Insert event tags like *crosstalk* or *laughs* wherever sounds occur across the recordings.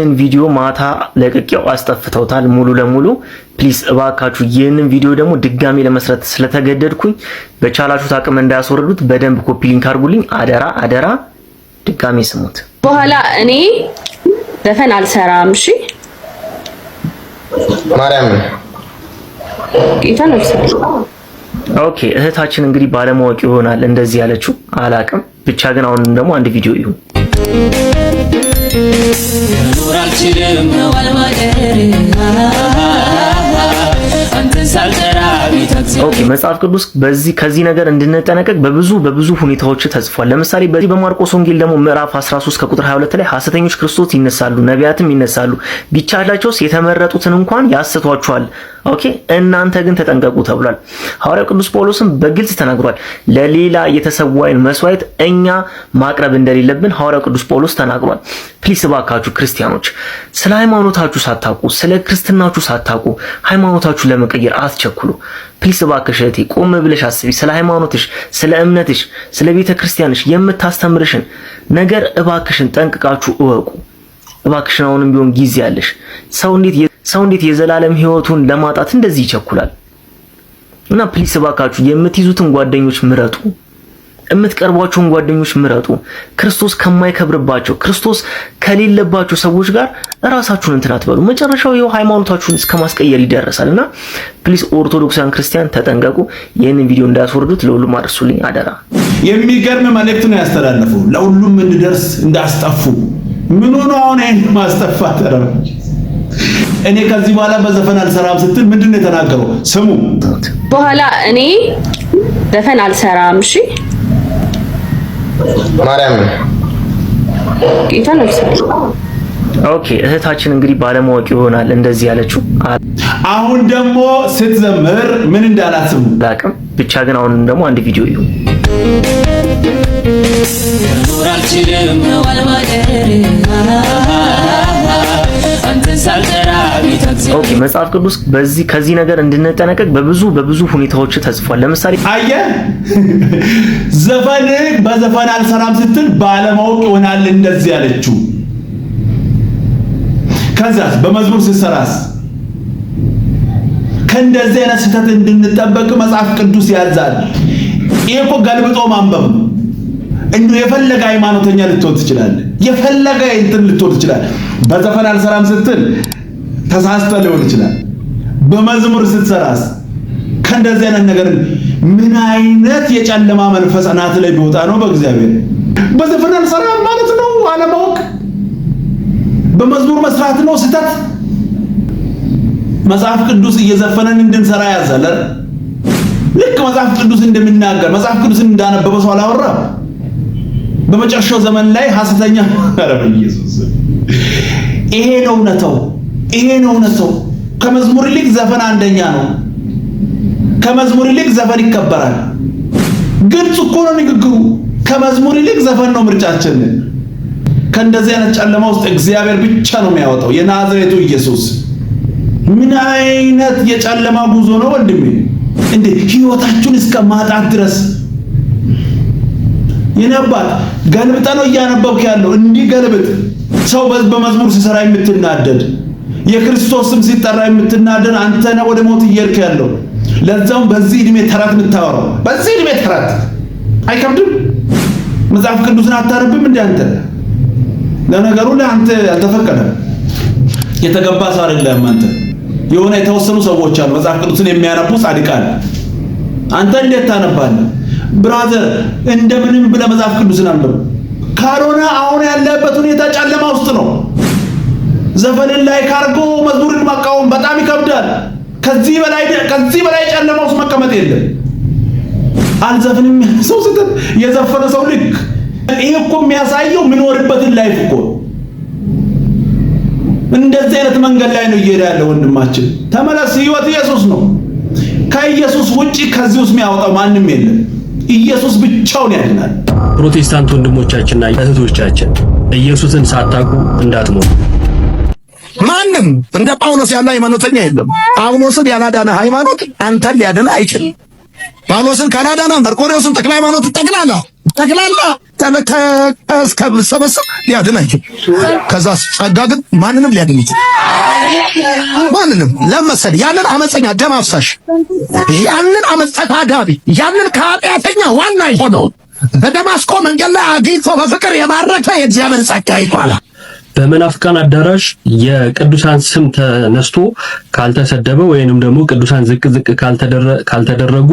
ይህን ቪዲዮ ማታ ለቅቄው አስጠፍተውታል ሙሉ ለሙሉ ፕሊስ እባካችሁ ይህንን ቪዲዮ ደግሞ ድጋሚ ለመስረት ስለተገደድኩኝ በቻላችሁት አቅም እንዳያስወርዱት በደንብ ኮፒ ሊንክ አድርጉልኝ አደራ አደራ ድጋሚ ስሙት በኋላ እኔ ዘፈን አልሰራም እሺ ማርያም ጌታ ኦኬ እህታችን እንግዲህ ባለማወቅ ይሆናል እንደዚህ ያለችው አላቅም ብቻ ግን አሁንም ደግሞ አንድ ቪዲዮ ይሁን መኖር አልችልም ነው ኦኬ መጽሐፍ ቅዱስ በዚህ ከዚህ ነገር እንድንጠነቀቅ በብዙ በብዙ ሁኔታዎች ተጽፏል። ለምሳሌ በዚህ በማርቆስ ወንጌል ደግሞ ምዕራፍ 13 ከቁጥር 22 ላይ ሐሰተኞች ክርስቶስ ይነሳሉ፣ ነቢያትም ይነሳሉ፣ ቢቻላቸውስ የተመረጡትን እንኳን ያስቷቸዋል ኦኬ እናንተ ግን ተጠንቀቁ ተብሏል። ሐዋርያው ቅዱስ ጳውሎስም በግልጽ ተናግሯል። ለሌላ የተሰዋይን መስዋዕት እኛ ማቅረብ እንደሌለብን ሐዋርያው ቅዱስ ጳውሎስ ተናግሯል። ፕሊስ እባካችሁ ክርስቲያኖች ስለ ሃይማኖታችሁ ሳታውቁ፣ ስለ ክርስትናችሁ ሳታውቁ ሃይማኖታችሁ ለመቀየር አትቸኩሉ። ፕሊስ እባክሽ እህቴ ቆም ብለሽ አስቢ። ስለ ሃይማኖትሽ፣ ስለ እምነትሽ፣ ስለ ቤተ ክርስቲያንሽ የምታስተምርሽን ነገር እባክሽን ጠንቅቃችሁ እወቁ። እባክሽን አሁንም ቢሆን ጊዜ አለሽ። ሰው እንዴት የዘላለም ህይወቱን ለማጣት እንደዚህ ይቸኩላል? እና ፕሊስ እባካችሁ የምትይዙትን ጓደኞች ምረጡ፣ የምትቀርቧቸውን ጓደኞች ምረጡ። ክርስቶስ ከማይከብርባቸው ክርስቶስ ከሌለባቸው ሰዎች ጋር እራሳችሁን እንትን አትበሉ። መጨረሻው ይኸው ሃይማኖታችሁን እስከ ማስቀየር ይደረሳል። እና ፕሊስ ኦርቶዶክሳን ክርስቲያን ተጠንቀቁ። ይህንን ቪዲዮ እንዳያስወርዱት ለሁሉም አድርሱልኝ አደራ። የሚገርም መልእክት ነው ያስተላለፉ። ለሁሉም እንድደርስ እንዳስጠፉ ምን ሆኖ አሁን ይሄን ማስጠፋት ነው። እኔ ከዚህ በኋላ በዘፈን አልሰራም ስትል ምንድን ነው የተናገረው? ስሙ በኋላ እኔ ዘፈን አልሰራም። እሺ ማርያም ኦኬ። እህታችን እንግዲህ ባለማወቅ ይሆናል እንደዚህ ያለችው። አሁን ደግሞ ስትዘምር ምን እንዳላት ስሙ። ብቻ ግን አሁን ደግሞ አንድ ቪዲዮ ይሁን መኖር አልችልም ነው ኦኬ መጽሐፍ ቅዱስ በዚህ ከዚህ ነገር እንድንጠነቀቅ በብዙ በብዙ ሁኔታዎች ተጽፏል። ለምሳሌ አየ ዘፈን በዘፈን አልሰራም ስትል ባለማወቅ ይሆናል እንደዚህ ያለችው። ከዛስ በመዝሙር ስትሰራስ ከእንደዚህ አይነት ስህተት እንድንጠበቅ መጽሐፍ ቅዱስ ያዛል። ይሄ እኮ ገልብጦ ማንበብ ነው። እንዱ የፈለገ ሃይማኖተኛ ልትሆን ትችላለህ። የፈለገ እንትን ልትሆን ትችላለህ። በዘፈን አልሰራም ስትል ተሳስተ ሊሆን ይችላል። በመዝሙር ስትሰራስ ከእንደዚህ አይነት ነገር ምን አይነት የጨለማ መንፈስ አናት ላይ ቢወጣ ነው? በእግዚአብሔር በዘፈን አልሰራም ማለት ነው አለማወቅ። በመዝሙር መስራት ነው ስህተት። መጽሐፍ ቅዱስ እየዘፈነን እንድንሰራ ያዛለን። ልክ መጽሐፍ ቅዱስ እንደሚናገር መጽሐፍ ቅዱስን እንዳነበበ ሰው አላወራ በመጨረሻው ዘመን ላይ ሐሰተኛ ኧረ *laughs* ኢየሱስ ይሄ ነው እውነታው። ይሄ ነው እውነታው። ከመዝሙር ይልቅ ዘፈን አንደኛ ነው። ከመዝሙር ይልቅ ዘፈን ይከበራል። ግልጽ እኮ ነው ንግግሩ። ከመዝሙር ይልቅ ዘፈን ነው ምርጫችን። ከእንደዚህ አይነት ጨለማ ውስጥ እግዚአብሔር ብቻ ነው የሚያወጣው። የናዝሬቱ ኢየሱስ ምን አይነት የጨለማ ጉዞ ነው ወንድሜ! እንዴ ህይወታችሁን እስከ ማጣት ድረስ ይነባል። ገልብጠ ነው እያነበብክ ያለው እንዲህ ገልብጥ። ሰው በመዝሙር ሲሰራ የምትናደድ የክርስቶስ ስም ሲጠራ የምትናደድ አንተ ነህ ወደ ሞት እየሄድክ ያለው። ለዛውም በዚህ እድሜ ተረት የምታወራው በዚህ እድሜ ተረት አይከብድም። መጽሐፍ ቅዱስን አታነብም እንዴ አንተ? ለነገሩ ለአንተ አልተፈቀደም። የተገባ ሰው አይደለም አንተ። የሆነ የተወሰኑ ሰዎች አሉ መጽሐፍ ቅዱስን የሚያነቡ ጻድቃን። አንተ እንዴት ታነባለህ? ብራዘር እንደምንም ብለህ መጽሐፍ ቅዱስን አንብብ። ካልሆነ አሁን ያለበት ሁኔታ ጨለማ ውስጥ ነው። ዘፈንን ላይ ካርጎ መዝሙርን ማቃወም በጣም ይከብዳል። ከዚህ በላይ ከዚህ በላይ ጨለማ ውስጥ መቀመጥ የለም። አልዘፍንም ሰው ስትል የዘፈነ ሰው ልክ ይሄ እኮ የሚያሳየው የምኖርበትን ላይፍ እኮ እንደዚህ አይነት መንገድ ላይ ነው እየሄደ ያለው ወንድማችን። ተመለስ፣ ህይወት ኢየሱስ ነው። ከኢየሱስ ውጪ ከዚህ ውስጥ የሚያወጣው ማንም የለም። ኢየሱስ ብቻውን ያድናል። ፕሮቴስታንት ወንድሞቻችንና እህቶቻችን ኢየሱስን ሳታውቁ እንዳትሞቱ። ማንም እንደ ጳውሎስ ያለ ሃይማኖተኛ የለም። ጳውሎስን ያላዳነ ሃይማኖት አንተን ሊያድን አይችልም። ጳውሎስን ካላዳነ መርቆሬዎስን፣ ጠቅላ ሃይማኖት ጠቅላላ ጠቅላላ እስከምሰበስብ ሊያድን አይችል። ከዛ ጸጋ ግን ማንንም ሊያድን ይችላል። ማንንም ለመሰል ያንን አመፀኛ ደም አፍሳሽ ያንን አመፅ ታዳቢ ያንን ከኃጢአተኛ ዋና የሆነው በደማስቆ መንገድ ላይ አግኝቶ በፍቅር የማረከ የእግዚአብሔር ጸጋ ይባላል። በመናፍቃን አዳራሽ የቅዱሳን ስም ተነስቶ ካልተሰደበ ወይንም ደግሞ ቅዱሳን ዝቅ ዝቅ ካልተደረጉ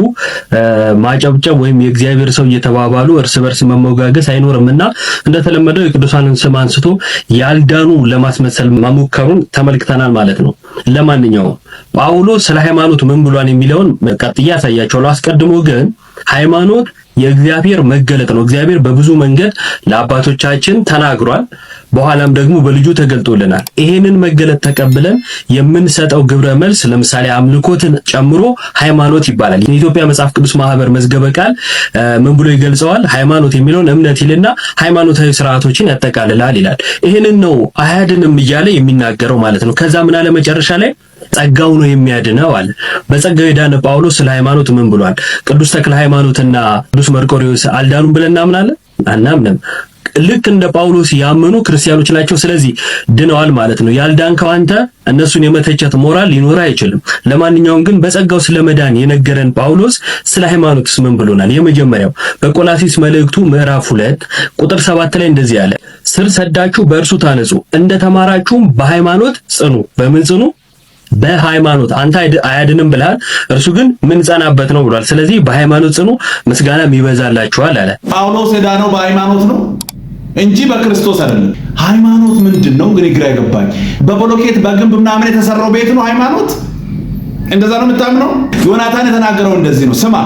ማጨብጨብ ወይም የእግዚአብሔር ሰው እየተባባሉ እርስ በርስ መሞጋገስ አይኖርም እና እንደተለመደው የቅዱሳንን ስም አንስቶ ያልዳኑ ለማስመሰል መሞከሩን ተመልክተናል ማለት ነው። ለማንኛውም ጳውሎስ ስለ ሃይማኖት ምን ብሏን የሚለውን ቀጥዬ ያሳያቸዋለሁ። አስቀድሞ ግን ሃይማኖት የእግዚአብሔር መገለጥ ነው። እግዚአብሔር በብዙ መንገድ ለአባቶቻችን ተናግሯል። በኋላም ደግሞ በልጁ ተገልጦልናል። ይሄንን መገለጥ ተቀብለን የምንሰጠው ግብረ መልስ ለምሳሌ አምልኮትን ጨምሮ ሃይማኖት ይባላል። የኢትዮጵያ መጽሐፍ ቅዱስ ማህበር መዝገበ ቃል ምን ብሎ ይገልጸዋል? ሃይማኖት የሚለውን እምነት ይልና ሃይማኖታዊ ስርዓቶችን ያጠቃልላል ይላል። ይህንን ነው አያድንም እያለ የሚናገረው ማለት ነው። ከዛ ምን አለ መጨረሻ ላይ ጸጋው ነው የሚያድነው አለ። በጸጋው የዳነ ጳውሎስ ስለ ሃይማኖት ምን ብሏል? ቅዱስ ተክለ ሃይማኖትና ቅዱስ መርቆሪዎስ አልዳኑም ብለን እናምናለን? አናምንም። ልክ እንደ ጳውሎስ ያመኑ ክርስቲያኖች ናቸው። ስለዚህ ድነዋል ማለት ነው። ያልዳንከው አንተ እነሱን የመተቸት ሞራል ሊኖር አይችልም። ለማንኛውም ግን በጸጋው ስለ መዳን የነገረን ጳውሎስ ስለ ሃይማኖትስ ምን ብሎናል? የመጀመሪያው በቆላሲስ መልእክቱ ምዕራፍ ሁለት ቁጥር ሰባት ላይ እንደዚህ ያለ ስር ሰዳችሁ በእርሱ ታነጹ፣ እንደተማራችሁም በሃይማኖት ጽኑ። በምን ጽኑ? በሃይማኖት አንተ አያድንም ብለሃል፣ እርሱ ግን ምን ጸናበት ነው ብሏል። ስለዚህ በሃይማኖት ጽኑ፣ ምስጋና ይበዛላችኋል አለ። ጳውሎስ የዳነው በሃይማኖት ነው እንጂ በክርስቶስ አይደለም። ሃይማኖት ምንድን ነው ግራ ይገባኝ። በብሎኬት በግንብ ምናምን የተሰራው ቤት ነው ሃይማኖት? እንደዛ ነው የምታምነው? ዮናታን የተናገረው እንደዚህ ነው። ስማ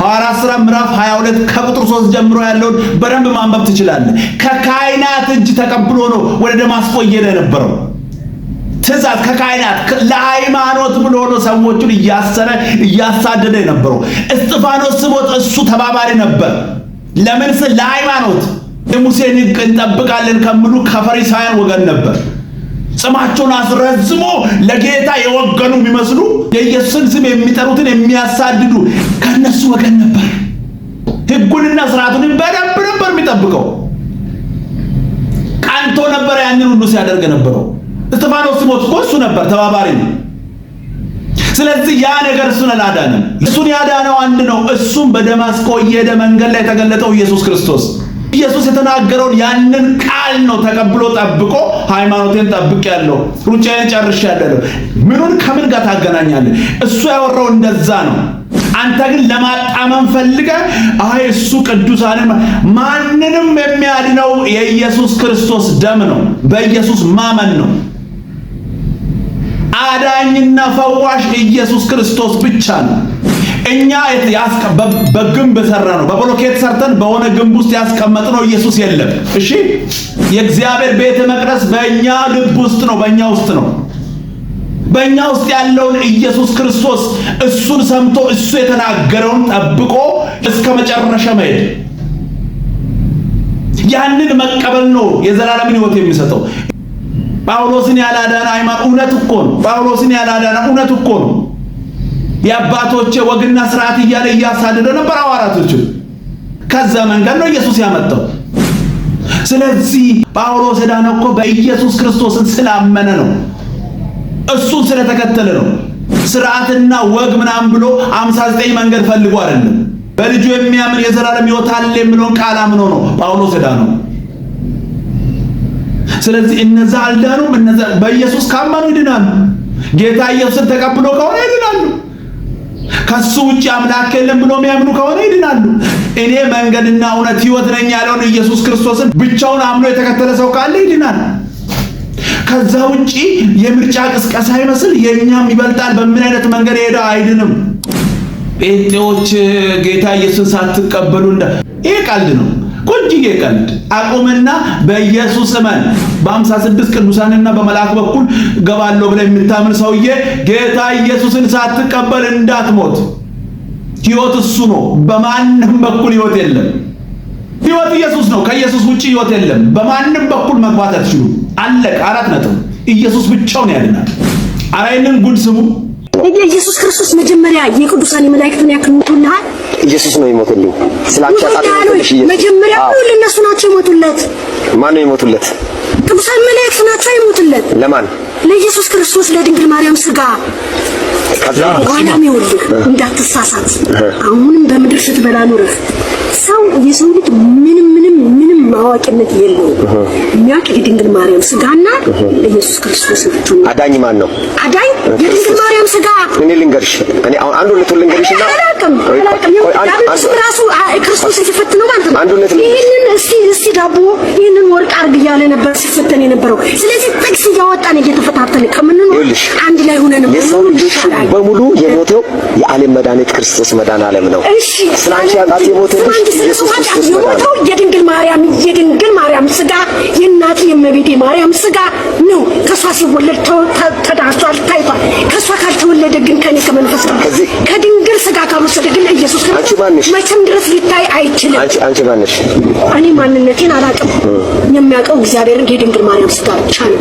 ሐዋርያት ሥራ ምዕራፍ 22 ከቁጥር 3 ጀምሮ ያለውን በደንብ ማንበብ ትችላለህ። ከካህናት እጅ ተቀብሎ ነው ወደ ደማስቆ እየሄደ የነበረው ትእዛዝ ከካህናት ለሃይማኖት ብሎ ሆኖ ሰዎቹን እያሰረ እያሳደደ የነበረው እስጢፋኖስ ስሞት እሱ ተባባሪ ነበር። ለምን ስል ለሃይማኖት የሙሴን ሕግ እንጠብቃለን ከሚሉ ከፈሪሳውያን ወገን ነበር። ጽማቸውን አስረዝሞ ለጌታ የወገኑ የሚመስሉ የኢየሱስን ስም የሚጠሩትን የሚያሳድዱ ከእነሱ ወገን ነበር። ሕጉንና ስርዓቱን በደንብ ነበር የሚጠብቀው። ቀንቶ ነበረ ያንን ሁሉ ሲያደርግ ነበረው። እስጢፋኖስ ሲሞት እኮ እሱ ነበር ተባባሪ ነው። ስለዚህ ያ ነገር እሱን አላዳነም። እሱን ያዳነው አንድ ነው። እሱም በደማስቆ እየሄደ መንገድ ላይ የተገለጠው ኢየሱስ ክርስቶስ ኢየሱስ የተናገረውን ያንን ቃል ነው ተቀብሎ ጠብቆ ሃይማኖቴን ጠብቄያለሁ፣ ሩጫዬን ጨርሻለሁ። ምኑን ከምን ጋር ታገናኛለህ? እሱ ያወራው እንደዛ ነው። አንተ ግን ለማጣመም ፈልገ አይ እሱ ቅዱሳን ማንንም የሚያድነው የኢየሱስ ክርስቶስ ደም ነው፣ በኢየሱስ ማመን ነው። አዳኝና ፈዋሽ ኢየሱስ ክርስቶስ ብቻ ነው። እኛ በግንብ ሰራ ነው፣ በብሎኬት ሰርተን በሆነ ግንብ ውስጥ ያስቀመጥነው ኢየሱስ የለም። እሺ፣ የእግዚአብሔር ቤተ መቅደስ በእኛ ልብ ውስጥ ነው፣ በእኛ ውስጥ ነው። በእኛ ውስጥ ያለውን ኢየሱስ ክርስቶስ እሱን ሰምቶ እሱ የተናገረውን ጠብቆ እስከ መጨረሻ መሄድ ያንን መቀበል ነው የዘላለምን ሕይወት የሚሰጠው። ጳውሎስን ያላዳነ ሃይማኖት እውነት እኮ ነው። ጳውሎስን ያላዳነ እውነት እኮ ነው። የአባቶቼ ወግና ስርዓት እያለ እያሳደደ ነበር ሐዋርያቶቹ። ከዛ መንገድ ነው ኢየሱስ ያመጣው። ስለዚህ ጳውሎስ የዳነው እኮ በኢየሱስ ክርስቶስን ስላመነ ነው፣ እሱን ስለተከተለ ነው። ስርዓትና ወግ ምናምን ብሎ 59 መንገድ ፈልጎ አይደለም። በልጁ የሚያምን የዘላለም ሕይወት አለ የሚለውን ቃል አምኖ ነው ጳውሎስ የዳነው። ስለዚህ እነዛ አልዳኑም። እነዛ በኢየሱስ ካመኑ ይድናሉ። ጌታ ኢየሱስን ተቀብሎ ከሆነ ይድናሉ። ከሱ ውጭ አምላክ የለም ብሎ የሚያምኑ ከሆነ ይድናሉ። እኔ መንገድና እውነት ሕይወት ነኝ ያለውን ኢየሱስ ክርስቶስን ብቻውን አምኖ የተከተለ ሰው ካለ ይድናል። ከዛ ውጪ የምርጫ ቅስቀሳ ይመስል የእኛም ይበልጣል በምን አይነት መንገድ ሄደ አይድንም። ጴንጤዎች ጌታ ኢየሱስን ሳትቀበሉ እንደ ይህ ቀልድ ነው። ቁጅዬ ቀልድ አቁምና በኢየሱስ እመን። በአምሳ ስድስት ቅዱሳንና በመልአክ በኩል ገባለሁ ብለህ የምታምን ሰውዬ ጌታ ኢየሱስን ሳትቀበል እንዳትሞት። ሕይወት እሱ ነው። በማንም በኩል ሕይወት የለም። ሕይወት ኢየሱስ ነው። ከኢየሱስ ውጪ ሕይወት የለም። በማንም በኩል መግባት አትችሉም። አለቀ። አራት ነጥብ። ኢየሱስ ብቻውን ያድናል። አራይንን ጉድ ስሙ። ኢየሱስ ክርስቶስ መጀመሪያ የቅዱሳን የመላእክቱን ያክል ሞቶልሃል። ኢየሱስ ነው የሞተልኝ። ስላንቺ አጣጥሽ መጀመሪያ ሁሉ እነሱ ናቸው የሞቱለት። ማን ነው የሞቱለት? ቅዱሳን መላእክት ናቸው የሞቱለት። ለማን? ለኢየሱስ ክርስቶስ ለድንግል ማርያም ስጋ ከዛ በኋላ ይኸውልህ እንዳትሳሳት አሁንም በምድር ስትበላ ኑረህ ሰው የሰው ልጅ ምንም ምንም ምንም ማዋቂነት የለው። የሚያውቅ የድንግል ማርያም ስጋና ኢየሱስ ክርስቶስ ብቻ ነው። አዳኝ ማን ነው? አዳኝ የድንግል ማርያም ስጋ። እኔ ልንገርሽ፣ እኔ አሁን አንዱ ለቶ ልንገርሽ እና አላውቅም አላውቅም። እሱም ራሱ ክርስቶስ ሲፈትነው ማለት ነው። አንዱ ለቶ ይሄንን እስቲ እስቲ ዳቦ ይሄንን ወርቅ አድርግ እያለ ነበር ሲፈተን የነበረው። ስለዚህ ጥቅስ እያወጣን እየተፈታተን ከምንኖር አንድ ላይ ሆነን የሰው ልጅ በሙሉ የሞተው የዓለም መድኃኒት ክርስቶስ መዳን ዓለም ነው። እሺ ስላንቺ ያጣት የሞተው የሞተው የድንግል ማርያም የድንግል ማርያም ስጋ የእናት የእመቤቴ ማርያም ስጋ ነው። ከእሷ ሲወለድ ተዳርሷል፣ ታይቷል። ከእሷ ካልተወለደ ግን ከኔ ከመንፈስ ከድንግል ስጋ ካልወሰደ ግን ኢየሱስ መቼም ድረስ ሊታይ አይችልም። እኔ ማንነቴን አላውቅም። የሚያውቀው እግዚአብሔርን የድንግል ማርያም ስጋ ብቻ ነው።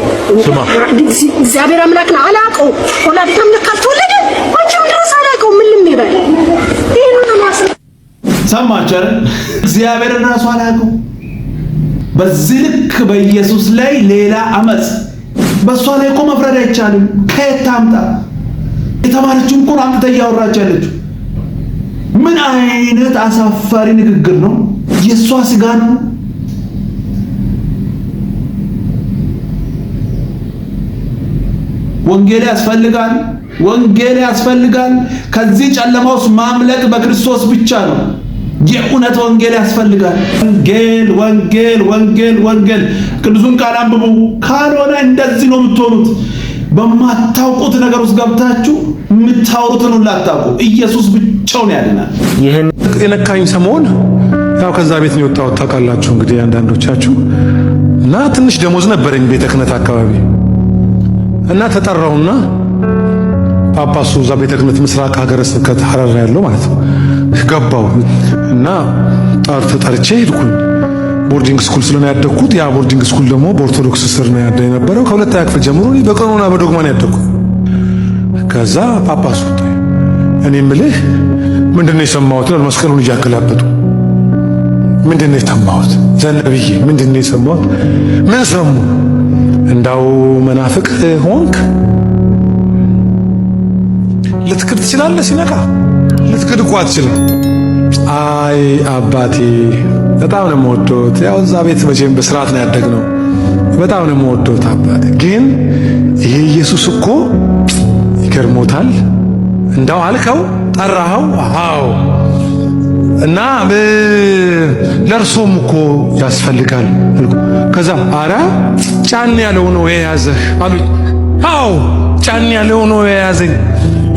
እግዚአብሔር አምላክን አላውቀው ወላዲተ አምላክ ካልተወለደ መቼም ድረስ አላውቀው። ምን ልም ይበል ሰማቸር እግዚአብሔር ራሱ አላውቅም። በዚህ ልክ በኢየሱስ ላይ ሌላ አመፅ፣ በእሷ ላይ እኮ መፍረድ አይቻልም። ከየት ታምጣ? የተማረችውን እኮ አምጥታ እያወራች ያለችው ምን አይነት አሳፋሪ ንግግር ነው! የእሷ ስጋ ነው። ወንጌል ያስፈልጋል፣ ወንጌል ያስፈልጋል። ከዚህ ጨለማ ውስጥ ማምለጥ በክርስቶስ ብቻ ነው። የእውነት ወንጌል ያስፈልጋል። ወንጌል ወንጌል ወንጌል ወንጌል። ቅዱሱን ቃል አንብቡ። ካልሆነ እንደዚህ ነው የምትሆኑት። በማታውቁት ነገር ውስጥ ገብታችሁ የምታወሩትን ሁሉ አታውቁ። ኢየሱስ ብቻውን ያድናል። ይህን የነካኝ ሰሞን ያው ከዛ ቤት ነው ታውቃላችሁ እንግዲህ አንዳንዶቻችሁ እና ትንሽ ደሞዝ ነበረኝ ቤተ ክህነት አካባቢ እና ተጠራውና ጳጳሱ እዛ ቤተ ክህነት ምስራቅ ሀገረ ስብከት ሐረር ያለው ማለት ነው ገባው እና ጠር ተጠርቼ ሄድኩኝ። ቦርዲንግ ስኩል ስለሆነ ያደግኩት ያ ቦርዲንግ ስኩል ደግሞ በኦርቶዶክስ ስር ነው ያደ የነበረው። ከሁለተኛ ክፍል ጀምሮ በቀኖና በዶግማ ነው ያደግኩት። ከዛ ጳጳሱ እኔ ምልህ ምንድነው የሰማሁት ነው መስቀሉን እያገላበጡ ምንድነው የሰማሁት ዘነብዬ ምንድነው የሰማሁት ምን ሰሙ እንዳው መናፍቅ ሆንክ ልትክር ትችላለህ ሲነቃ ልትክድ እኮ አትችልም። አይ አባቴ በጣም ነው የምወዶት። ያው እዛ ቤት መቼም በስርዓት ነው ያደግነው። በጣም ነው የምወዶት አባቴ። ግን ይሄ ኢየሱስ እኮ ይገርሞታል። እንዳው አልከው ጠራኸው? አዎ እና ለእርሶም እኮ ያስፈልጋል አልኩ። ከዛ አረ ጫን ያለው ነው የያዘህ አሉኝ። አዎ ጫን ያለው ነው የያዘኝ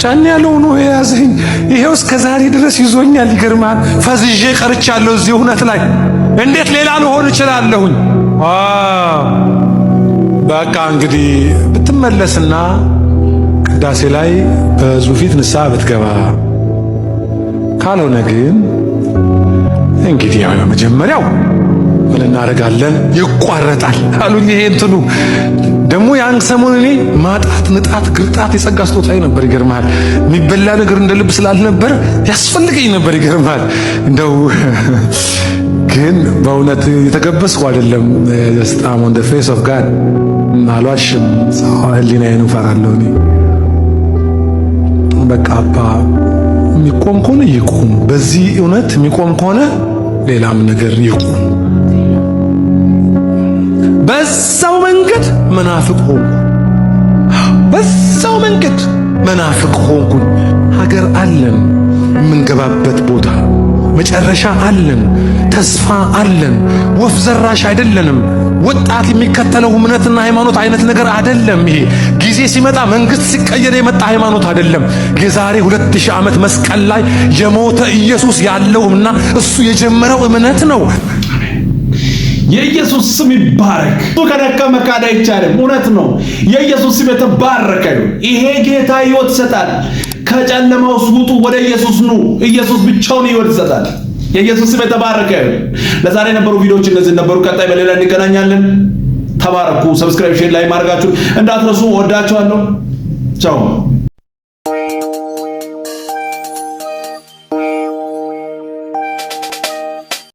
ጫን ያለው ነው የያዘኝ። ይሄው እስከ ዛሬ ድረስ ይዞኛል። ይገርማል። ፈዝዤ ቀርቻለሁ እዚህ እውነት ላይ እንዴት ሌላ ልሆን እችላለሁኝ? በቃ እንግዲህ ብትመለስና ቅዳሴ ላይ በሕዝቡ ፊት ንስሐ ብትገባ፣ ካልሆነ ግን እንግዲህ ያው መጀመሪያው ምን እናደርጋለን? ይቋረጣል አሉኝ። ይሄ እንትኑ ደግሞ ያን ሰሞን እኔ ማጣት፣ ንጣት፣ ግርጣት የጸጋ ስጦታዬ ነበር። ይገርማል። የሚበላ ነገር እንደ ልብ ስላልነበር ያስፈልገኝ ነበር። ይገርማል። እንደው ግን በእውነት የተገበስኩ አይደለም። ስጣም ኦን ፌስ ኦፍ ጋድ አሏሽም። ህሊናዬን እፈራለሁ እኔ በቃ አባ የሚቆም ከሆነ ይቁም። በዚህ እውነት የሚቆም ከሆነ ሌላም ነገር ይቁም። በዛው መንገድ መናፍቅ ሆንኩ። በዛው መንገድ መናፍቅ ሆንኩኝ። ሀገር አለን፣ የምንገባበት ቦታ መጨረሻ አለን፣ ተስፋ አለን። ወፍ ዘራሽ አይደለንም። ወጣት የሚከተለው እምነትና ሃይማኖት አይነት ነገር አይደለም። ይሄ ጊዜ ሲመጣ መንግስት ሲቀየር የመጣ ሃይማኖት አይደለም። የዛሬ 2000 ሺህ ዓመት መስቀል ላይ የሞተ ኢየሱስ ያለውና እሱ የጀመረው እምነት ነው። የኢየሱስ ስም ይባረክ። ቱ ከደከመ መካድ አይቻልም። እውነት ነው። የኢየሱስ ስም የተባረከ ነው። ይሄ ጌታ ሕይወት ይሰጣል። ከጨለማ ውስጥ ውጡ፣ ወደ ኢየሱስ ኑ። ኢየሱስ ብቻውን ሕይወት ይሰጣል። የኢየሱስ ስም የተባረከ ነው። ለዛሬ የነበሩ ቪዲዮዎች እነዚህ ነበሩ። ቀጣይ በሌላ እንገናኛለን። ተባረኩ። ሰብስክራይብ፣ ሼር ላይ ማድረጋችሁን እንዳትረሱ። ወዳችኋለሁ። ቻው